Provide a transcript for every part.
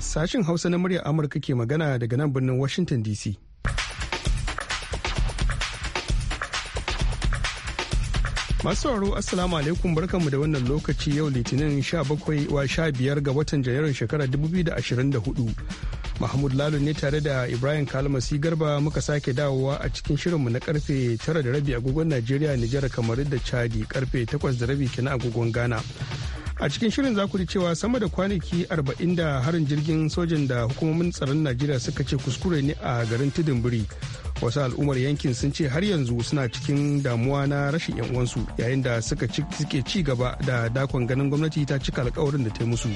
Sashin Hausa na muryar Amurka ke magana daga nan birnin Washington DC. Masu sauraro Assalamu alaikum barkanmu da wannan lokaci yau Litinin 17 wa 15 ga watan Janairun shekarar 2024. Mahmud Lalo ne tare da Ibrahim Kalmasi Garba muka sake dawowa a cikin shirinmu na karfe 9 da rabi agogon Najeriya, Nijar, kamar da Chadi karfe 8 da rabi agogon Ghana. A cikin shirin za ji cewa sama da kwanaki 40 da harin jirgin sojan da hukumomin tsaron Najeriya suka ce kuskure ne a garin Tudunburi. Wasu al'ummar yankin sun ce har yanzu suna cikin damuwa na rashin 'yan uwansu yayin da suka ci gaba da dakon ganin gwamnati ta cika alkawarin da ta musu.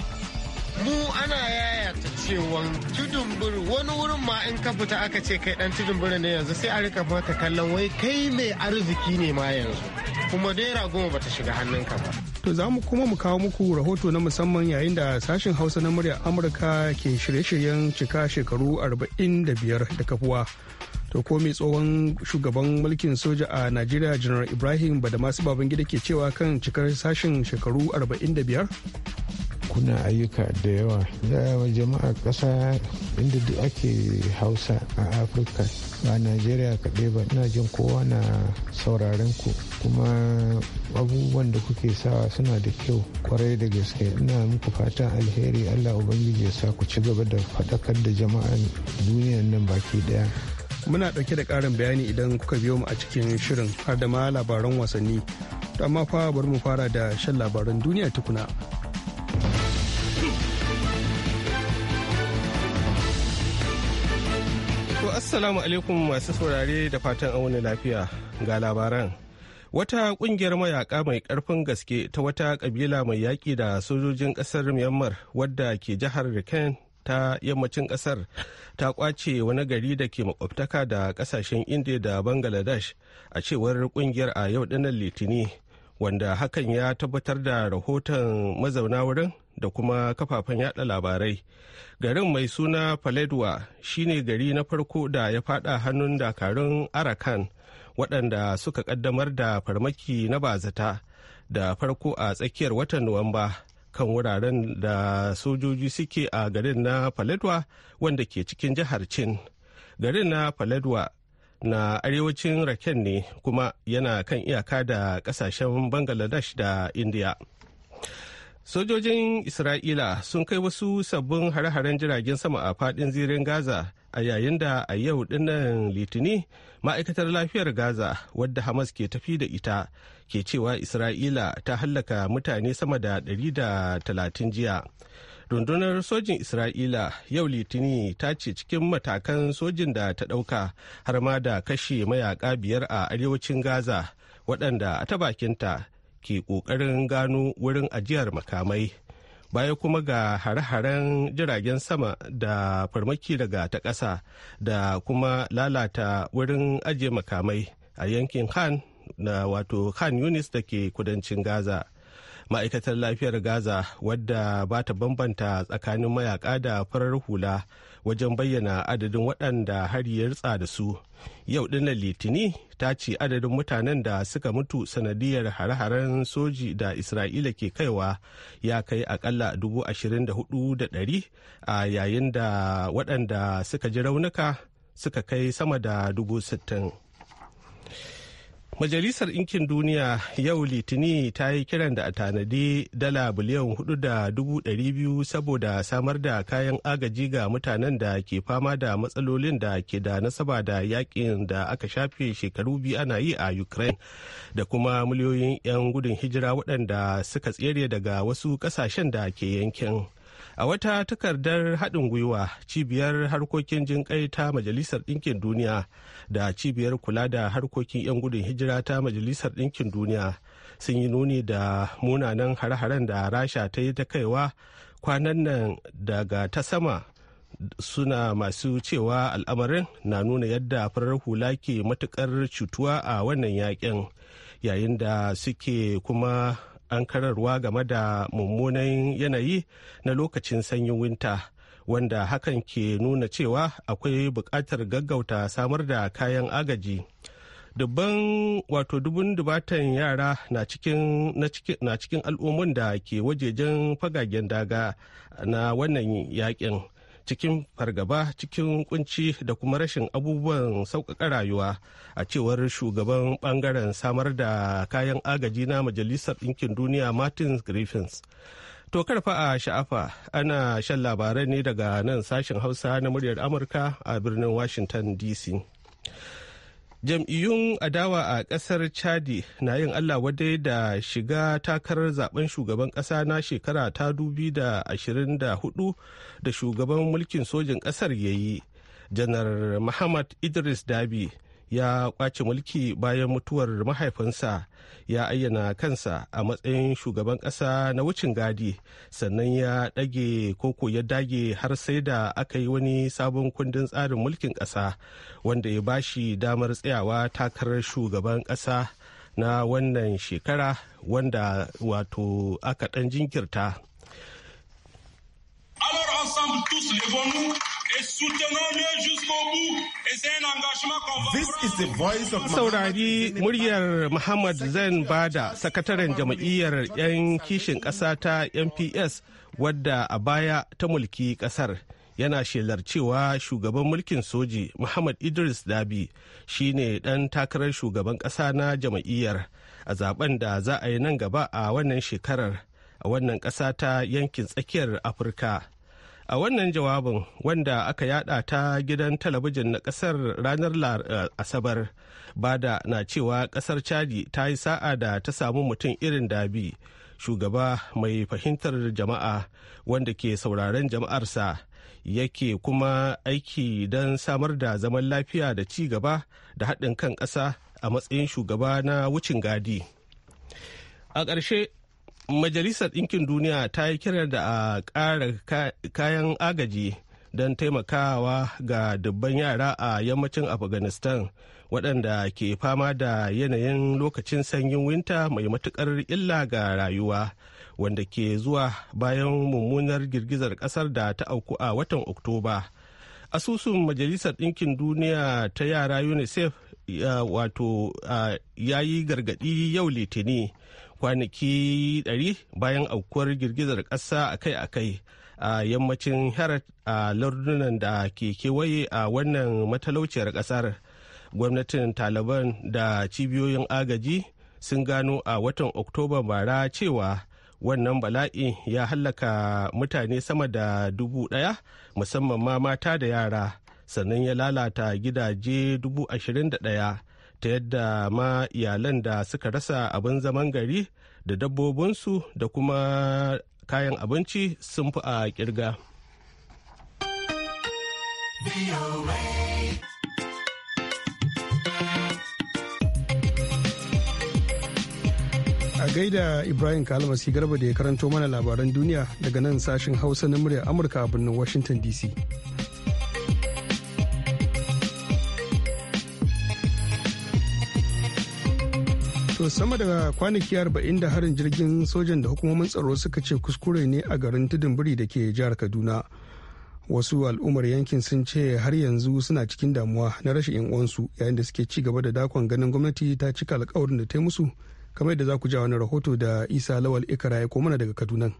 Mu ana ta cewa tudunburi wani wurin ma in ka fita aka ce kai dan tudunburi ne yanzu sai a rika baka kallon wai kai mai arziki ne ma yanzu kuma naira goma bata shiga hannunka ba. To za mu kuma mu kawo muku rahoto na musamman yayin da sashen Hausa na murya Amurka ke shirye-shiryen cika shekaru 45 da kafuwa. To ko mai tsohon shugaban mulkin soja a Najeriya Janar Ibrahim Badamasu Babangida ke cewa kan cikar sashen shekaru 45? kuna ayyuka da yawa da jama'a ƙasa inda duk ake hausa a afirka ba najeriya kaɗai ba ina jin kowa na sauraren ku kuma abubuwan da kuke sawa suna da kyau kwarai da gaske ina muku fatan alheri allah ubangiji ya sa ku ci gaba da faɗakar da jama'an duniyan nan baki ɗaya muna ɗauke da ƙarin bayani idan kuka biyo mu a cikin shirin har da ma labaran wasanni amma fa bari mu fara da shan labaran duniya tukuna To assalamu alaikum masu saurare da fatan wani lafiya ga labaran. Wata kungiyar mayaka mai karfin gaske ta wata kabila mai yaƙi da sojojin ƙasar Myanmar wadda ke jihar Rakhine ta yammacin ƙasar ta kwace wani gari da ke makwabtaka da ƙasashen Indiya da Bangladesh a cewar kungiyar a yau dinar litinin wanda hakan ya tabbatar da rahoton mazauna wurin da kuma kafafen yada labarai garin mai suna faledwa shine gari na farko da ya fada hannun dakarun arakan waɗanda suka ƙaddamar da farmaki na bazata da farko a tsakiyar watan nuwamba kan wuraren da sojoji suke a garin na faledwa wanda ke cikin jihar chin garin na faledwa na arewacin raken ne kuma yana kan iyaka da kasashen bangladesh da india Sojojin Isra'ila sun kai wasu sabbin hare-haren jiragen sama a fadin zirin Gaza a yayin da a yau dinnan Litini ma'aikatar lafiyar Gaza wadda Hamas ke tafi da ita ke cewa Isra'ila ta hallaka mutane sama da 130 jiya. Rundunar sojin Isra'ila yau Litini ta ce cikin matakan sojin da ta ɗauka har ma da kashe mayaka biyar a arewacin Gaza waɗanda a ta bakinta ke ƙoƙarin gano wurin ajiyar makamai baya kuma ga hare-haren jiragen sama da farmaki daga ta ƙasa da kuma lalata wurin ajiye makamai a yankin khan na wato khan yunis da ke kudancin gaza ma'aikatar lafiyar gaza wadda ba ta bambanta tsakanin mayaka da farar hula wajen bayyana adadin waɗanda hari ya ritsa da su yau dinnan litini ta ce adadin mutanen da suka mutu sanadiyar hare-haren soji da isra'ila ke kaiwa ya kai akalla dubu ashirin da hudu da ɗari a yayin da waɗanda suka ji raunuka suka kai sama da dubu sittin Majalisar ɗinkin Duniya yau Litini ta yi kiran da a tanadi dala biliyan hudu da dubu dari biyu saboda samar da kayan agaji ga mutanen da ke fama da matsalolin da ke da nasaba da yakin da aka shafe shekaru biyu ana yi a Ukraine da kuma miliyoyin 'yan gudun hijira waɗanda suka tsere daga wasu ƙasashen da ke yankin. a wata takardar haɗin gwiwa cibiyar harkokin jinƙai ta majalisar ɗinkin duniya da cibiyar kula da harkokin 'yan gudun hijira ta majalisar ɗinkin duniya sun yi nuni da munanan hare-haren da rasha ta yi ta kaiwa kwanan nan daga ta sama suna masu cewa al'amarin na nuna yadda farar hula ke matukar cutuwa a wannan yakin yayin da suke kuma ankararwa game da mummunan yanayi na lokacin sanyin winta wanda hakan ke nuna cewa akwai buƙatar gaggauta samar da kayan agaji dubban wato dubun dubatan yara na cikin al'ummun da ke wajejen fagagen daga na wannan yakin cikin fargaba cikin kunci da kuma rashin abubuwan sauƙaƙa rayuwa a cewar shugaban ɓangaren samar da kayan agaji na majalisar ɗinkin duniya martin griffins to karfa a sha'afa ana shan labarai ne daga nan sashen hausa na muryar amurka a birnin washington dc jam'iyyun adawa a ƙasar chadi na yin allah wadai da shiga takarar zaben shugaban ƙasa na shekara ta dubi da ashirin da hudu da shugaban mulkin sojin ƙasar ya yi janar muhammad idris dabi ya kwace mulki bayan mutuwar mahaifinsa ya ayyana kansa a matsayin shugaban ƙasa na wucin gadi sannan ya ɗage koko ya dage har sai da aka yi wani sabon kundin tsarin mulkin ƙasa wanda ya bashi damar tsayawa takarar shugaban ƙasa na wannan shekara wanda wato aka ɗan jinkirta. this is Saurari muryar Muhammad Zain Bada, sakataren jam'iyyar 'yan kishin ƙasa ta NPS wadda a baya ta mulki ƙasar. Yana shelar cewa shugaban mulkin soji Muhammad Idris Dabi shi ne ɗan takarar shugaban ƙasa na jam'iyyar a zaben da za a yi nan gaba a wannan shekarar a wannan ƙasa ta yankin tsakiyar Afirka. a wannan jawabin wanda aka yada ta gidan talabijin na kasar ranar eh, asabar bada na cewa kasar chadi ta yi sa'a da ta samu mutum irin dabi shugaba mai fahimtar jama'a wanda ke sauraren jama'arsa yake kuma aiki don samar da zaman lafiya da ci gaba da haɗin kan ƙasa a matsayin shugaba na wucin gadi a ƙarshe majalisar ɗinkin duniya ta yi kira da a ƙara kayan agaji don taimakawa ga dubban yara a yammacin afghanistan waɗanda ke fama da yanayin lokacin sanyin winta mai matuƙar illa ga rayuwa wanda ke zuwa bayan mummunar girgizar ƙasar da ta auku a watan oktoba asusun majalisar ɗinkin duniya ta yara unicef wato ya yi gargaɗi yau litini kwanaki 100 bayan aukuwar girgizar ƙasa akai-akai a yammacin herat a lardunan da ke kewaye a wannan matalauciyar ƙasar gwamnatin taliban da cibiyoyin agaji sun gano a watan oktoba bara cewa wannan bala'i ya hallaka mutane sama da dubu ɗaya musamman ma mata da yara sannan ya lalata gidaje dubu ashirin da ɗaya ta yadda ma iyalan da suka rasa abin zaman gari da dabbobinsu da kuma kayan abinci sun fi a kirga. a gaida ibrahim kalmasi garba da ya karanto mana labaran duniya daga nan sashen hausa na murya amurka a birnin washington dc To sama da kwanaki arba'in da harin jirgin sojan da hukumomin tsaro suka ce kuskure ne a garin tudun biri da ke jihar Kaduna. Wasu al'ummar yankin sun ce har yanzu suna cikin damuwa na rashin yan uwansu yayin da suke ci gaba da dakon ganin gwamnati ta cika alkawarin da ta musu kamar yadda za ku ja wani rahoto da Isa Lawal Ikara ya mana daga Kaduna.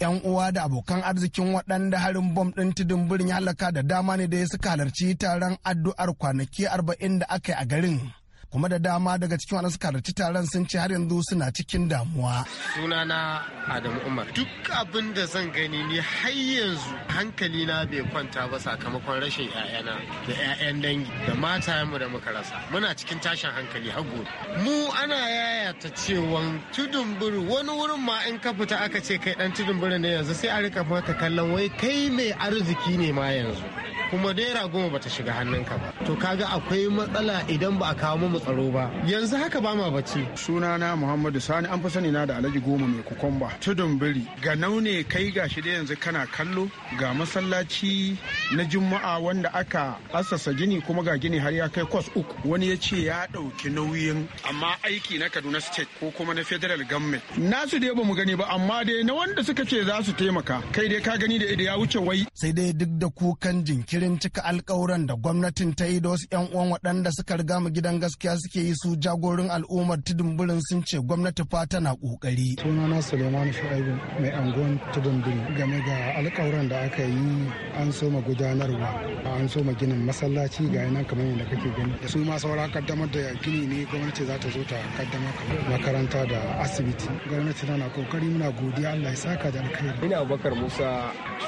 'yan uwa da abokan arzikin waɗanda harin bom ɗin tudun birin ya halaka da dama ne da ya suka halarci taron addu'ar kwanaki arba'in da aka yi a garin kuma da dama daga cikin wani suka halarci taron sun ce har yanzu suna cikin damuwa. Sunana Adamu Umar. Duk abin da zan gani ni har yanzu hankali na bai kwanta ba sakamakon rashin 'ya'yana da 'ya'yan dangi da mata mu da muka rasa. Muna cikin tashin hankali har gobe. Mu ana yayata cewan tudun wani wurin ma in ka fita aka ce kai dan tudun biri ne yanzu sai a rika maka kallon wai kai mai arziki ne ma yanzu. kuma naira goma bata shiga hannun ka ba to kaga akwai matsala idan ba a kawo mu tsaro ba yanzu haka ba ma bacci sunana muhammadu sani an fi sani na da alaji goma mai kukumba tudun biri ga naune kai gashi da yanzu kana kallo ga masallaci na juma'a wanda aka asasa gini kuma ga gini har ya kai kwas uku wani ya ce ya ɗauki nauyin amma aiki na kaduna state ko kuma na federal government nasu dai mu gani ba amma dai na wanda suka ce za su taimaka kai dai ka gani da ya wuce wai sai dai duk da kukan jinki jinkirin cika alkawuran da gwamnatin ta yi da wasu 'yan uwan waɗanda suka riga mu gidan gaskiya suke yi su jagorin al'ummar tudunburin sun ce gwamnati fa tana ƙoƙari. sunana suleiman shu'aibu mai angon tudun game ga alkawuran da aka yi an soma gudanarwa an soma ginin masallaci ga yana kamar yadda kake gani da su ma saura kaddamar da gini ne gwamnati za ta zo ta kaddamar makaranta da asibiti gwamnati tana kokari muna godiya allah ya saka da alkhairi ina abubakar musa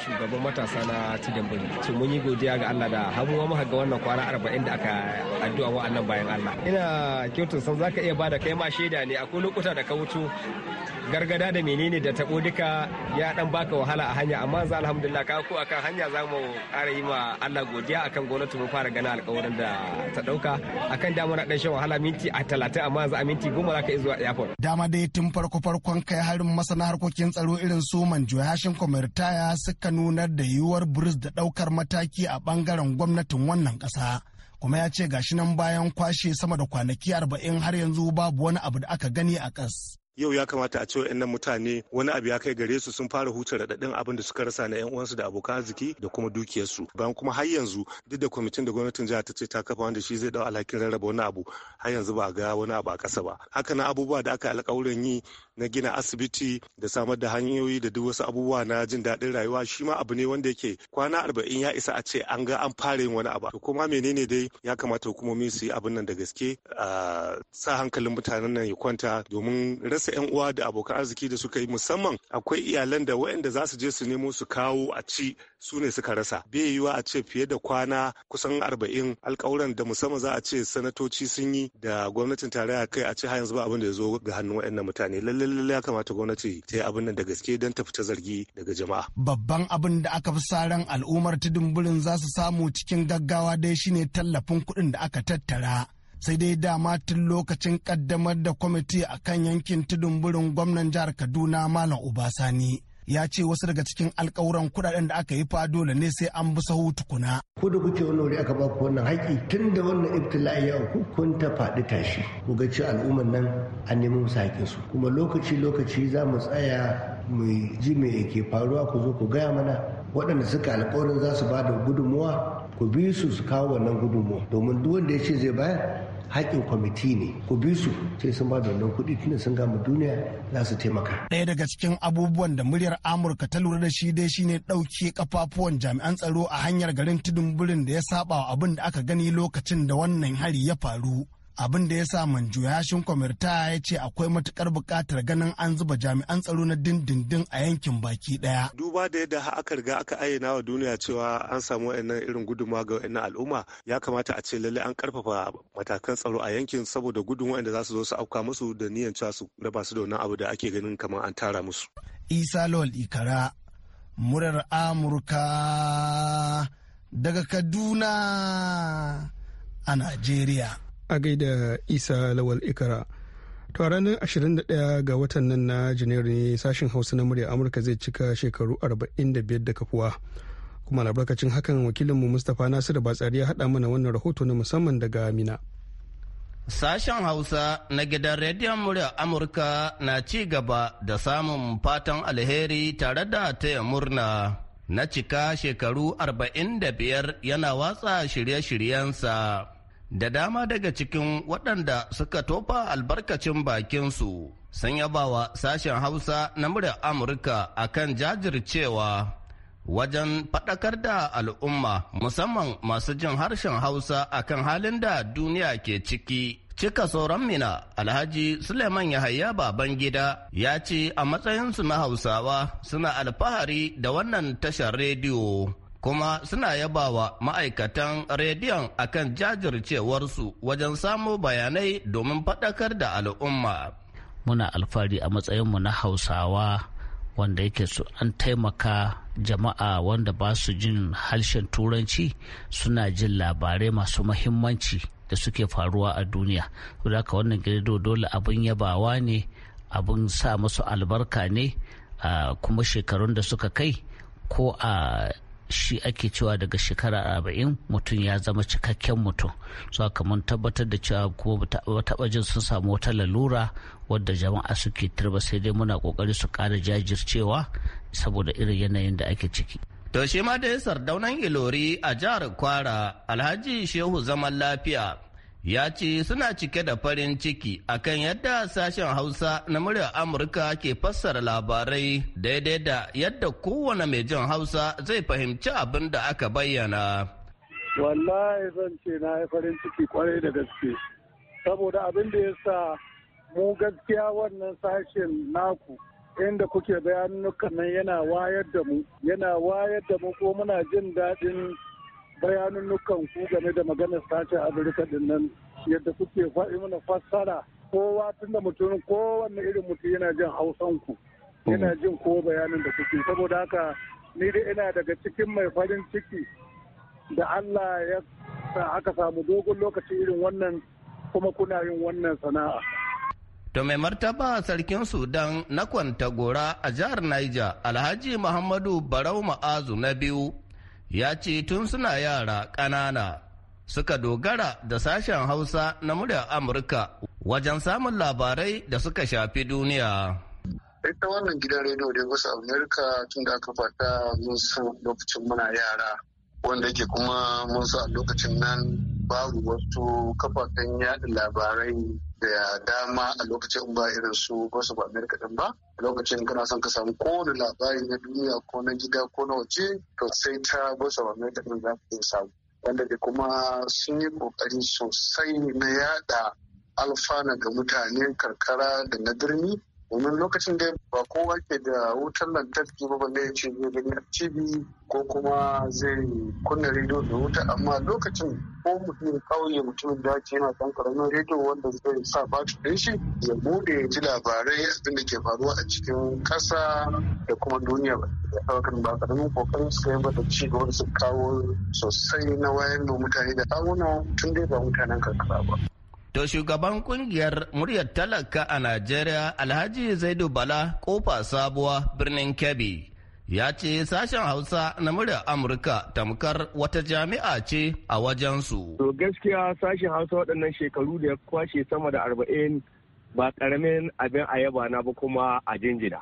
shugaban matasa na tudun birin mun yi godiya ga Allah da hamuwa muka ga wannan kwana arba'in da aka addu'a wa'annan bayan Allah ina kyautun san zaka iya bada kai ma shaida ne akwai lokuta da ka wuce gargada da menene da tabo duka ya ɗan baka wahala a hanya amma za alhamdulillah ka ko akan hanya za mu ƙara yi ma Allah godiya akan gwamnati mu fara gana alƙawarin da ta dauka akan da na dan shan wahala minti a talatin amma za a minti goma za ka zuwa airport. Dama dai tun farko farkon kai harin masana harkokin tsaro irin su Manjo Yashin ya suka nunar da yiwuwar Bruce da daukar mataki a bangaren gwamnatin wannan ƙasa. kuma ya ce gashi nan bayan kwashe sama da kwanaki arba'in har yanzu babu wani abu da aka gani a kas. yau ya kamata a ce wa'annan mutane wani abu ya kai gare su sun fara huta raɗaɗin abin da suka rasa na 'yan uwansu da abokan arziki da kuma dukiyarsu bayan kuma har yanzu duk da kwamitin da gwamnatin jiha ta ce ta kafa wanda shi zai dau alhakin rarraba wani abu har yanzu ba ga wani abu a ƙasa ba haka na abubuwa da aka alƙawarin yi na gina asibiti da samar da hanyoyi da duk wasu abubuwa na jin daɗin rayuwa shi ma abu ne wanda yake kwana arba'in ya isa a ce an ga an fara yin wani abu kuma menene dai ya kamata hukumomi su yi abin nan da gaske a sa hankalin mutanen nan ya kwanta domin rasa rasa 'yan uwa da abokan arziki da suka yi musamman akwai iyalan da waɗanda za su je su nemo su kawo a ci su ne suka rasa bai yiwa a ce fiye da kwana kusan arba'in alkawuran da musamman za a ce sanatoci sun yi da gwamnatin tarayya kai a ce har yanzu ba abin da ya zo ga hannun waɗannan mutane lallai ya kamata gwamnati ta yi abin nan da gaske don ta fita zargi daga jama'a babban abin da aka fi sa ran al'ummar tudun za su samu cikin gaggawa dai shine tallafin kuɗin da aka tattara sai dai dama tun lokacin kaddamar da kwamiti a kan yankin tudun burin gwamnan jihar kaduna malam obasani ya ce wasu daga cikin alkawuran kudaden da aka yi fa dole ne sai an bi sahu tukuna. ko da kuke wani wuri aka ba ku wannan haƙi tun da wannan ibtila'i ya ku kun ta faɗi tashi ku ga ci al'umman nan an nemi musu haƙin su kuma lokaci lokaci za mu tsaya mu ji me ke faruwa ku zo ku gaya mana waɗanda suka alkawarin za su ba da gudunmuwa ku bi su su kawo wannan gudunmuwa domin duk wanda ya ce zai bayar haƙƙin kwamiti ne ku bi su sai sun ba da wannan kuɗi tunda sun gama duniya za su taimaka. Ɗaya daga cikin abubuwan da muryar Amurka ta lura da shi dai shine ɗauke ƙafafuwan jami'an tsaro a hanyar garin tudun birin da ya saba wa abin da aka gani lokacin da wannan hari ya faru. abin da ya sa manjo yashin kwamirta ya ce akwai matukar bukatar ganin an zuba jami'an tsaro na dindindin a yankin baki daya duba da yadda aka riga aka ayyana wa duniya cewa an samu wayannan irin gudunmawa ga wayannan al'umma ya kamata a ce lalle an karfafa matakan tsaro a yankin saboda gudun wayanda za su zo su auka musu da niyan cewa su raba su da wannan abu da ake ganin kamar an tara musu isa lawal ikara murar amurka daga kaduna a najeriya a gaida isa lawal ikara to a ranar 21 ga watan nan na janairu ne sashen hausa na murya amurka zai cika shekaru 45 da kafuwa kuma albarkacin hakan wakilinmu mustapha nasiru batsari ya haɗa mana wannan rahoto na musamman daga mina Sashen Hausa na gidan rediyon murya Amurka na ci gaba da samun fatan alheri tare da taya murna na cika shekaru 45 yana watsa shirye-shiryensa. da dama daga cikin waɗanda suka tofa albarkacin bakinsu sun yaba wa sashen hausa na muryar amurka akan jajircewa wajen faɗakar da al'umma musamman masu jin harshen hausa a kan halin da duniya ke ciki cika sauran mina alhaji suleiman yahaya baban gida ya ce a matsayinsu na hausawa suna alfahari da wannan tashar rediyo kuma suna yabawa ma'aikatan rediyon akan jajircewarsu wajen samo bayanai domin faɗakar da al'umma. Muna alfari a matsayinmu na Hausawa wanda yake su an taimaka jama'a wanda ba su jin harshen turanci suna jin labarai masu mahimmanci da suke faruwa a duniya. haka wannan gido dole abin yabawa ne abin sa masu albarka ne kuma shekarun da suka kai ko a shi ake cewa daga shekara arba'in mutum ya zama cikakken mutum so haka mun tabbatar da cewa kuma taɓa jin sun samu wata lalura wadda jama'a suke turba sai dai muna ƙoƙari su ƙara jajircewa saboda irin yanayin da ake ciki to shi ma dai sardaunan ilori a jihar kwara alhaji shehu zaman lafiya ya ce suna cike da farin ciki akan yadda sashen hausa na murya amurka ke fassara labarai daidai da yadda kowane mai jin hausa zai fahimci abin da aka bayyana wallahi zan ce na yi farin ciki kwarai da gaske saboda abin da ya sa mu gaskiya wannan sashen naku inda kuke bayanuka nan yana wayar da mu yana wayar da mu ko muna jin daɗin nukan ku game da maganar sashen Amurka din nan yadda kuke faɗi mana fassara kowa tun da mutum kowanne irin mutum yana jin hausan ku yana jin ko bayanin da kuke saboda haka ni dai ina daga cikin mai farin ciki da Allah ya sa aka samu dogon lokaci irin wannan kuma kuna yin wannan sana'a. To mai martaba sarkin Sudan na kwanta gora a jihar Niger Alhaji Muhammadu Barau Ma'azu na biyu ya ce tun suna yara ƙanana suka dogara da sashen hausa na murya amurka wajen samun labarai da suka shafi duniya. ita wannan gidan rediyo da wasu amurka tun da aka fata mun su lokacin muna yara wanda ke kuma mun su a lokacin nan babu wasu kafafen yada labarai da dama a lokacin ba irin su basu ba amerika din ba a lokacin kana son ka samu kowane labari na duniya ko na gida ko na waje to sai ta basu ba amerika din za ka samu wanda da kuma sun yi kokari sosai na yada alfana ga mutanen karkara da na birni domin lokacin da ba kowa ke da wutar lantarki ba balle ya ce zai gani a tv ko kuma zai kunna rediyo da wuta amma lokacin ko mutum kauye mutumin da ake yana kan karamin rediyo wanda zai sa batu ɗin shi ya bude ya ji labarai abin da ke faruwa a cikin ƙasa da kuma duniya ba ɗaukar ba karamin kokarin suka yi ba da ci gaba su kawo sosai na wayan da mutane da kawuna tun dai ba mutanen karkara ba. To shugaban kungiyar muryar talaka a Najeriya Alhaji Zaidu Bala kofa sabuwa birnin Kebbi ya ce sashen Hausa na muryar Amurka tamkar wata jami'a ce a wajensu. To gaskiya sashen Hausa waɗannan shekaru da ya kwashe sama da arba'in ba ƙaramin abin ayaba na ba kuma a jinjina.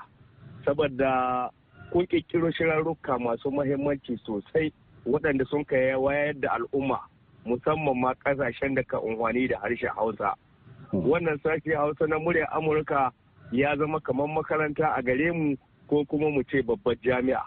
Saboda kun ƙirƙiro shirarruka masu mahimmanci sosai waɗanda sun kai wayar da al'umma musamman ma kasashen da ka unhwani da harshen hausa hmm. wannan sashi hausa na murya amurka ya zama kamar makaranta a gare mu ko kuma mu ce babbar jami'a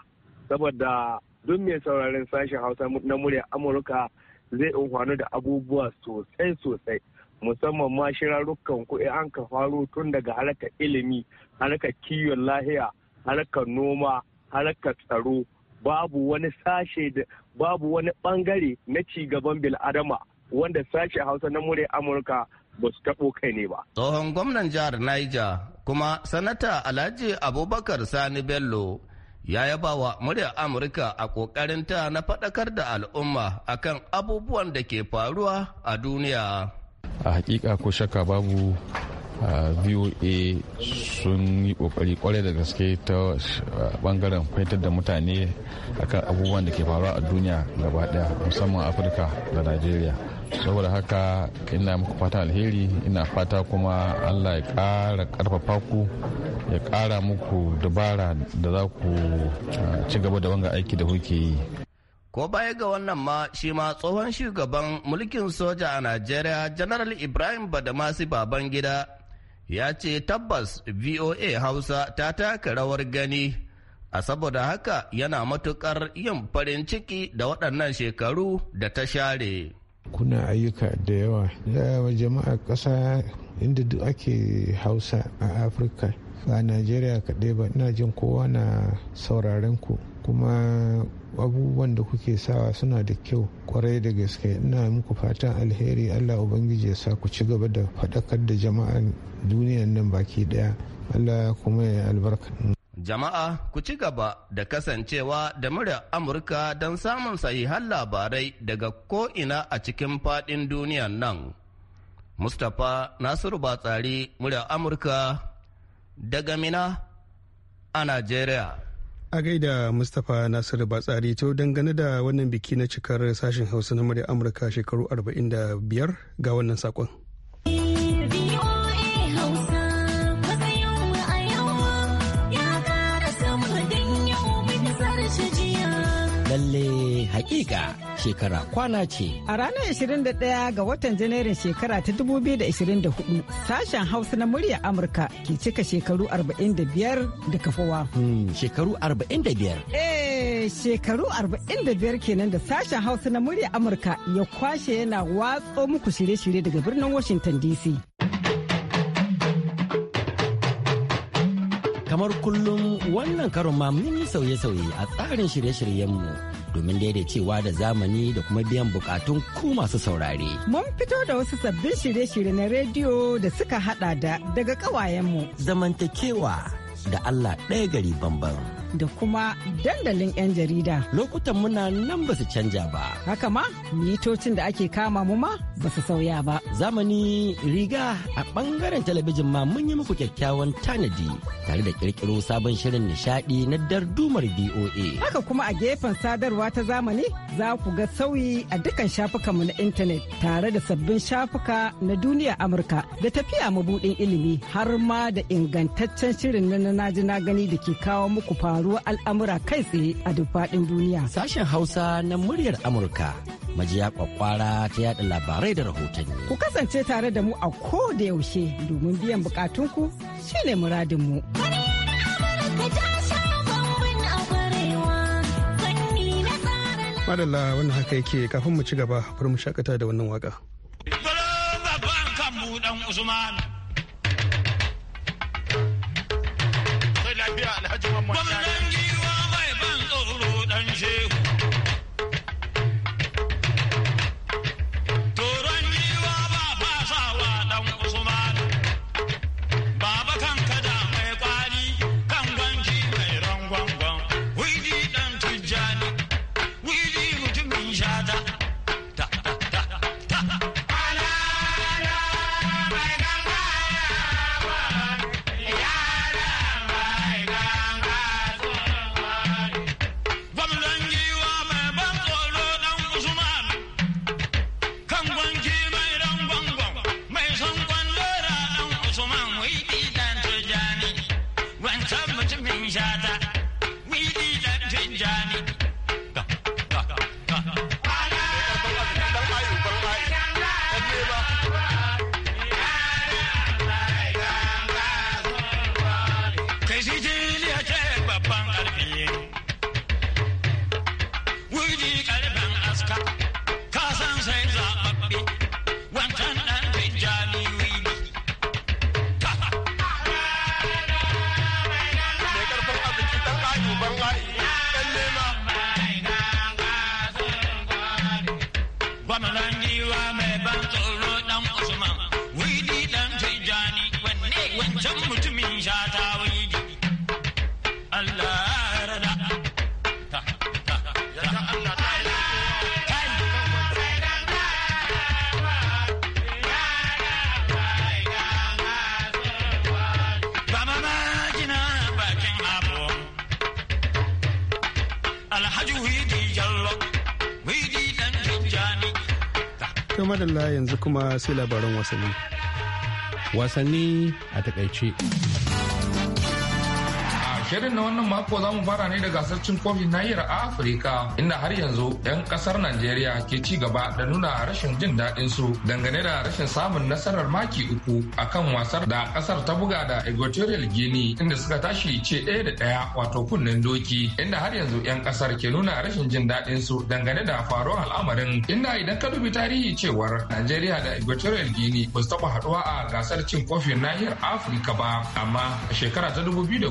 saboda duk mai sauraron sashen hausa na murya amurka zai unhwani da abubuwa sosai sosai musamman ma shirarrukan kuɗi an ka faro tun daga harkar ilimi harkar kiwon lahiya harkar noma harkar tsaro babu wani sashe da. babu wani bangare na cigaban bil'adama wanda sashen hausa na mure amurka ba su taɓo kai ne ba. tsohon gwamnan jihar niger kuma sanata alhaji abubakar sani bello ya yaba wa muryar amurka a ƙoƙarinta na faɗakar da al'umma akan abubuwan da ke faruwa a duniya a hakika ko shaka babu voa sun yi kokari kwarai da gaske ta bangaren fitar da mutane akan abubuwan da ke faruwa a duniya gaba daya musamman afirka da nigeria saboda haka ina muku fata alheri ina fata kuma allah ya kara ƙarfafa ku ya kara muku dabara da za ku ci gaba da wanga aiki da kuke yi ko baya ga wannan ma shi ma tsohon shugaban mulkin soja a najeriya janaral ibrahim badamasi babangida ya ce tabbas VOA Hausa ta taka rawar gani, a saboda haka yana matukar yin farin ciki da waɗannan shekaru da ta share. Kuna ayyuka da yawa da jama'a ƙasa inda duk ake Hausa a Afirka. A Najeriya kaɗai ba ina jin kowa na sauraren ku kuma abubuwan da kuke sawa suna da kyau kwarai da gaske ina muku fatan alheri allah ubangiji ya sa ku ci gaba da faɗakar da jama'an duniyan nan baki ɗaya allah kuma ya albarka jama'a ku ci gaba da kasancewa da murya amurka don samun sahihan labarai daga ko'ina a cikin faɗin duniyan nan mustapha nasiru batsari murya amurka daga mina a nigeria. a gaida mustapha nasiru batsari to dangane da wannan biki na cikar sashen hausa na murya amurka shekaru 45 ga wannan sakon. lalle hakika shekara kwana ce. A ranar 21 ga watan Janairun shekara ta 2024 sashen Hausa na murya Amurka ke cika shekaru 45 da kafawa. Hmm, shekaru 45? Eh, shekaru 45 kenan da sashen Hausa na murya Amurka ya kwashe yana watso muku shirye-shirye daga birnin Washington DC. Kamar kullum wannan karon ma mun yi sauye-sauye a tsarin shirye-shiryenmu. domin daidaicewa da zamani da kuma biyan bukatun ku masu saurare. Mun fito da wasu sabbin shirye-shirye na rediyo da suka hada da daga kawayenmu. Zamantakewa da Allah ɗaya gari bambam. da kuma dandalin 'yan jarida. Lokutan muna nan ba su canja ba. Haka ma, mitocin da ake kama mu ma ba su sauya ba. Zamani riga a bangaren talabijin ma mun yi muku kyakkyawan tanadi tare da kirkiro sabon shirin nishadi na dardumar BOA. Haka kuma a gefen sadarwa ta zamani za ku ga sauyi a dukkan shafukanmu na intanet tare da sabbin shafuka na duniya Amurka da tafiya mabudin ilimi har ma da ingantaccen shirin na na gani da ke kawo muku fa faruwar al'amura kai tsaye a duk faɗin duniya. Sashen Hausa na muryar Amurka. Majiya kwakwara ta yada labarai da rahotanni. Ku kasance tare da mu a ko da yaushe domin biyan bukatunku shine muradinmu. Madalla wannan haka yake kafin mu ci gaba, bari mu shakata da wannan waka. Bala baban kan buɗan Usman. Alhaji Muhammad Sani. To madalla yanzu kuma sai labaran wasanni. Wasanni a takaice. Shirin na wannan mako za mu fara ne da gasar cin kofin nahiyar Afirka inda har yanzu 'yan kasar Najeriya ke ci gaba da nuna rashin jin daɗin su dangane da rashin samun nasarar maki uku akan wasar da kasar ta buga da Equatorial Guinea inda suka tashi ce ɗaya da ɗaya wato kunnen doki inda har yanzu 'yan kasar ke nuna rashin jin daɗin su dangane da faruwar al'amarin inda idan ka dubi tarihi cewar Najeriya da Equatorial Guinea ba su taɓa haɗuwa a gasar cin kofin nahiyar Afirka ba amma a shekara ta dubu biyu da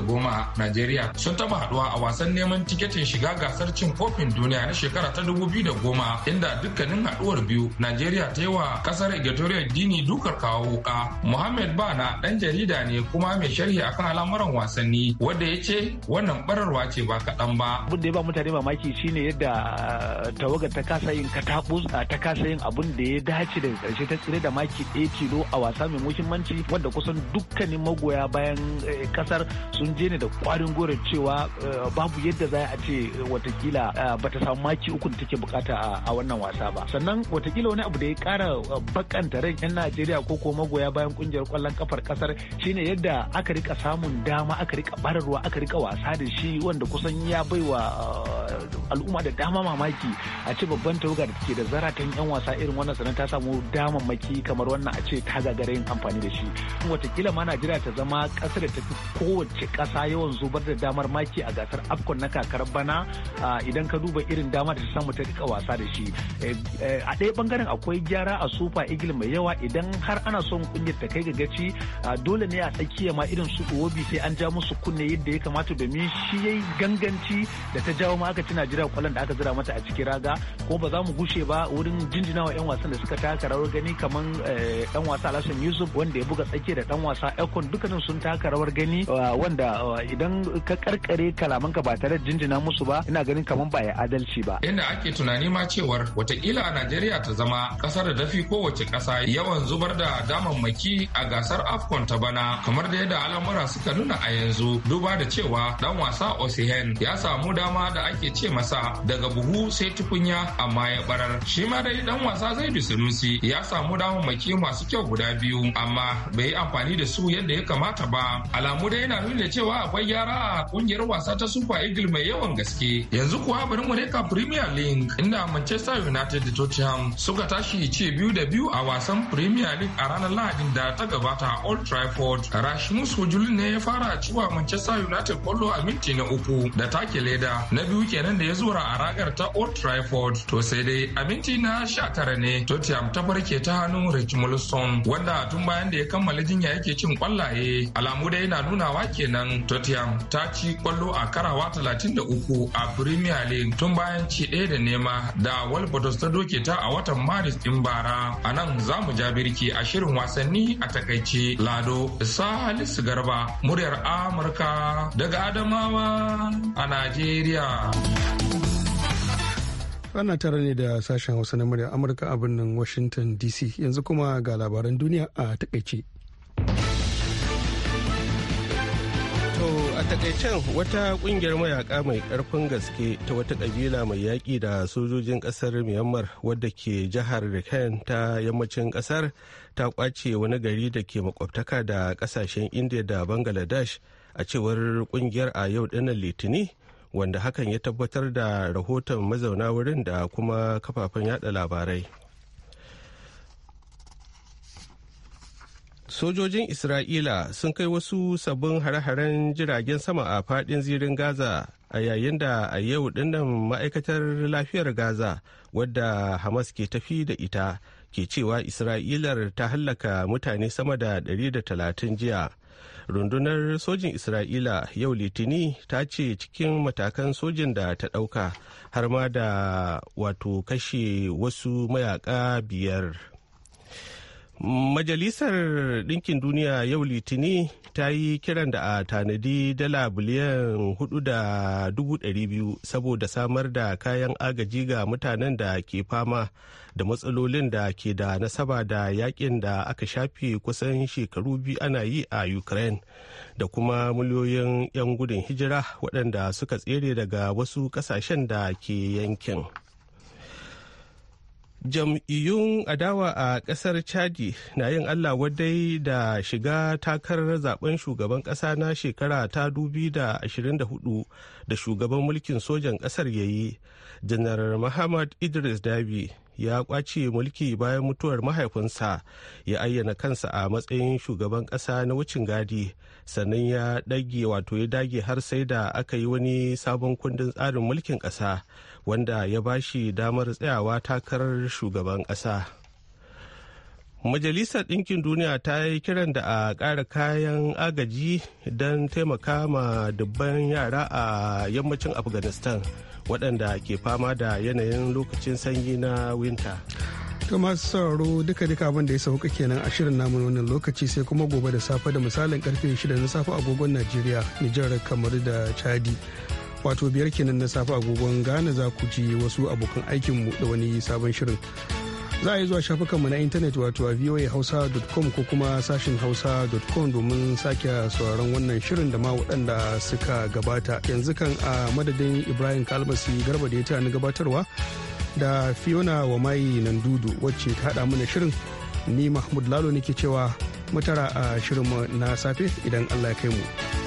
2010 Najeriya sun taba haduwa a wasan neman tiketin shiga gasar cin kofin duniya na shekara ta dubu biyu da goma inda dukkanin haduwar biyu Najeriya ta yi wa kasar Equatorial Dini dukar kawo wuka. Muhammad Bana dan jarida ne kuma mai sharhi akan al'amuran wasanni wanda ya ce wannan bararwa ce ba kaɗan ba. Abin da ya ba mutane mamaki shine yadda ah, tawaga ta kasa yin katabus ah, ta kasa yin abun da ya dace da karshe ta tsire da maki ɗaya kilo a wasa mai muhimmanci wanda kusan dukkanin magoya bayan kasar eh, sun je ne da kwari. kwarin gora cewa eh, babu yadda za a ce eh, watakila eh, bata samu maki uku da take bukata a wannan wasa ba sannan watakila wani abu da ya kara bakanta ran yan najeriya ko ko magoya bayan kungiyar kwallon kafar kasar shine yadda aka rika samun dama aka rika ruwa aka rika wasa da shi wanda kusan ya baiwa al'umma da dama mamaki a ce babban tauga da take da zaratan yan wasa irin wannan sannan ta samu maki kamar wannan a ce ta gagara yin amfani da shi watakila ma najeriya ta zama kasar da ta fi kowace kasa yawan gobar da damar maki a gasar afcon na kakar bana idan ka duba irin damar da ta samu ta rika wasa da shi eh, eh, a ɗaya bangaren akwai gyara a super igil mai yawa idan har ana son kungiyar ta kai gaci dole ne a tsakiya ma irin su uwobi sai an ja musu kunne yadda ya kamata domin shi yayi ganganci da ta jawo ma aka ci najeriya kwallon da aka zira mata a cikin raga ko ba za mu gushe ba wurin jinjinawa 'yan wasan da suka taka rawar gani kamar dan eh, wasa alhassan yusuf wanda ya buga tsakiya da dan wasa ekon dukkanin sun taka rawar gani wanda idan idan ka karkare kalaman ka ba tare da jinjina musu ba ina ganin kamar ba ya adalci ba inda ake tunani ma cewar watakila a Najeriya ta zama kasar da dafi kowace ƙasa yawan zubar da damammaki a gasar Afcon ta bana kamar da yadda al'amura suka nuna a yanzu duba da cewa dan wasa Osihen ya samu dama da ake ce masa daga buhu sai tukunya amma ya barar shi ma dai dan wasa Zaidu Sunusi ya samu damammaki masu kyau guda biyu amma bai yi amfani da su yadda ya kamata ba alamu dai yana nuna cewa akwai gyara a kungiyar wasa ta Super Eagle mai yawan gaske. Yanzu kuwa bari mu reka Premier League inda Manchester United da Tottenham suka tashi ce biyu da biyu a wasan Premier League a ranar Lahadin da ta gabata a Old Trafford. Rashimus Hojulun ne ya fara ciwa Manchester United kwallo a minti na uku da take leda na biyu kenan da ya zura a ragar ta Old Trafford. To sai dai a minti na sha tara ne Tottenham ta farke ta hannun Rich Mulson wanda tun bayan da ya kammala jinya yake cin kwallaye alamu dai yana nunawa kenan Tottenham ta ci kwallo a karawa 33 a Premier League tun bayan ci ɗaya da nema da walbatos ta doke ta a watan Maris ɗin bara. A nan za mu ja birki a shirin wasanni a takaice Lado Salisu Garba muryar Amurka daga Adamawa a Najeriya. Ana tare ne da sashen Hausa na murya Amurka a birnin Washington DC yanzu kuma ga labaran duniya a takaice. takaicen wata kungiyar mayaka mai karfin gaske ta wata kabila mai yaƙi da sojojin ƙasar myanmar wadda ke jihar rakhine ta yammacin ƙasar ta kwace wani gari da ke makwabtaka da ƙasashen india da bangladesh a cewar kungiyar a yau dinnan litini wanda hakan ya tabbatar da rahoton mazauna wurin da kuma kafafen yada labarai sojojin isra'ila sun kai wasu sabbin hare-haren jiragen sama a fadin zirin gaza a yayin da a yau dinnan ma'aikatar lafiyar gaza wadda hamas ke tafi da ita ke cewa isra'ilar ta hallaka mutane sama da 130 jiya rundunar sojin isra'ila yau litini ta ce cikin matakan sojin da ta ɗauka har ma da wato kashe wasu mayaka biyar Majalisar Ɗinkin Duniya yau Litini ta yi kiran da a tanadi dala biliyan hudu da dubu ɗari biyu saboda samar da kayan agaji ga mutanen da ke fama da matsalolin da ke da nasaba da yakin da aka shafe kusan shekaru biyu ana yi a Ukraine da kuma miliyoyin 'yan gudun hijira waɗanda suka tsere daga wasu ƙasashen da ke yankin. jam'iyyun adawa a kasar chadi na yin allah wadai da shiga takarar zaben shugaban kasa na shekara ta dubi da shugaban mulkin sojan kasar ya yi janar muhammad idris dabi ya kwace mulki bayan mutuwar mahaifinsa ya ayyana kansa a matsayin shugaban kasa na wucin gadi sannan ya dage wato ya dage har sai da aka yi wani sabon kundin tsarin mulkin kasa wanda ya ba shi damar tsayawa takarar shugaban ƙasa. Majalisar Ɗinkin Duniya ta yi kiran da a ƙara kayan agaji don taimaka ma dubban yara a yammacin Afghanistan waɗanda ke fama da yanayin lokacin sanyi na winter. To masu sauraro duka duka abin da ya sauka kenan a shirin namu wannan lokaci sai kuma gobe da safe da misalin karfe shida na safe agogon Najeriya, Nijar, kamar da Chadi. wato biyar kenan na safe agogon Ghana za ku ji wasu abokan aikinmu da wani sabon shirin. Za a yi zuwa shafukanmu na intanet wato a voahausa.com ko kuma sashin hausa.com domin sake sauraron wannan shirin da ma waɗanda suka gabata. Yanzu kan a madadin Ibrahim Kalmasi Garba da ya ta ni gabatarwa da Fiona wa nan Nandudu wacce ta haɗa mana shirin. Ni Mahmud Lalo nake cewa mutara a shirin na safe idan Allah ya kai mu.